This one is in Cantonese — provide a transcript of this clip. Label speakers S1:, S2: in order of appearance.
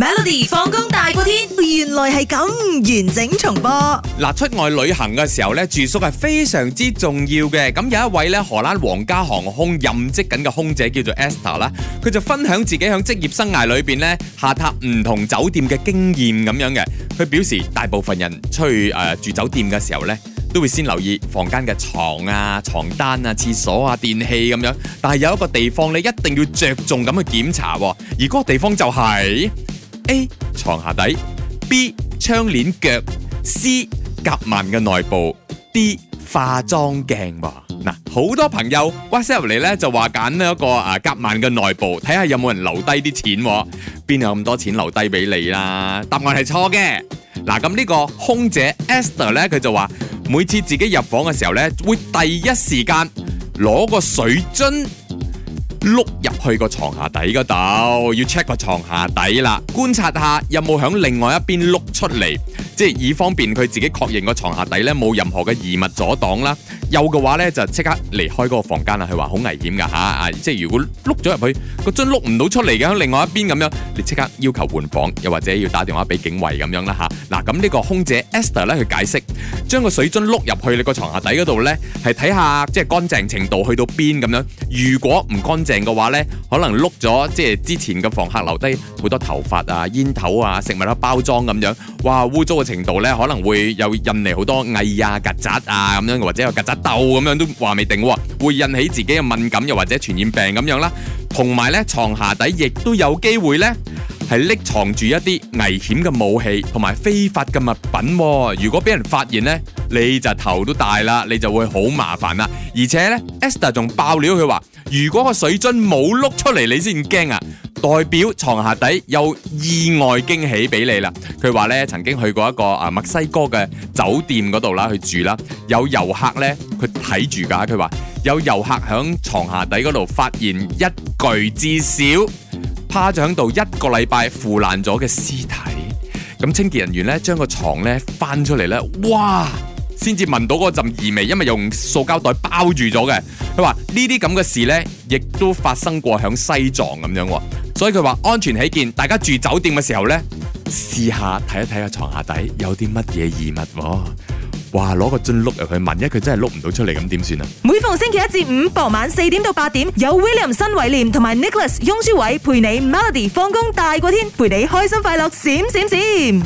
S1: Melody 放工大過天，原來係咁完整重播嗱、啊。出外旅行嘅時候咧，住宿係非常之重要嘅。咁有一位咧，荷蘭皇家航空任職緊嘅空姐叫做 Esther 啦，佢就分享自己響職業生涯裏邊咧，下榻唔同酒店嘅經驗咁樣嘅。佢表示，大部分人出去誒、呃、住酒店嘅時候咧，都會先留意房間嘅床啊、床單啊、廁所啊、電器咁樣。但係有一個地方你一定要着重咁去檢查、啊，而嗰個地方就係、是。A 床下底、B 窗簾腳、C 夾萬嘅內部、D 化妝鏡喎。嗱，好多朋友 WhatsApp 入嚟咧，就話揀呢一個啊，夾萬嘅內部，睇下有冇人留低啲錢喎。邊有咁多錢留低俾你啦？答案係錯嘅。嗱，咁呢個空姐 Esther 咧，佢就話每次自己入房嘅時候咧，會第一時間攞個水樽，碌入去個床下底嗰度，要 check 個床下底啦，觀察下有冇響另外一邊碌出嚟。即係以方便佢自己確認個床下底呢，冇任何嘅異物阻擋啦，有嘅話呢，就即刻離開嗰個房間啦。佢話好危險噶嚇，啊即係如果碌咗入去個樽碌唔到出嚟嘅喺另外一邊咁樣，你即刻要求換房，又或者要打電話俾警衞咁樣啦嚇。嗱，咁呢個空姐 Esther 呢，去解釋，將個水樽碌入去你個床下底嗰度呢，係睇下即係乾淨程度去到邊咁樣。如果唔乾淨嘅話呢，可能碌咗即係之前嘅房客留低好多頭髮啊、煙頭啊、食物盒、啊、包裝咁、啊、樣，哇污糟程度咧，可能會有引嚟好多蟻啊、曱甴啊咁樣，或者有曱甴竇咁樣都話未定喎，會引起自己嘅敏感，又或者傳染病咁樣啦。同埋咧，床下底亦都有機會咧，係匿藏住一啲危險嘅武器同埋非法嘅物品喎。如果俾人發現咧，你就頭都大啦，你就會好麻煩啦。而且咧 ，Esther 仲爆料佢話，如果個水樽冇碌出嚟，你先驚啊！外表床下底有意外驚喜俾你啦。佢話呢，曾經去過一個啊墨西哥嘅酒店嗰度啦，去住啦。有遊客呢，佢睇住噶。佢話有遊客響床下底嗰度發現一具至少趴咗響度一個禮拜腐爛咗嘅屍體。咁清潔人員呢，將個床呢翻出嚟呢。哇，先至聞到嗰陣異味，因為用塑膠袋包住咗嘅。佢話呢啲咁嘅事呢，亦都發生過響西藏咁樣。所以佢話安全起見，大家住酒店嘅時候呢，試下睇一睇個床下底有啲乜嘢異物，哦。哇！攞個樽碌入去，萬一佢真係碌唔到出嚟咁，點算啊？每逢星期一至五傍晚四點到八點，有 William 新偉廉同埋 Nicholas 雍舒偉陪你 Melody 放工大過天，陪你開心快樂閃閃閃。閃閃閃閃。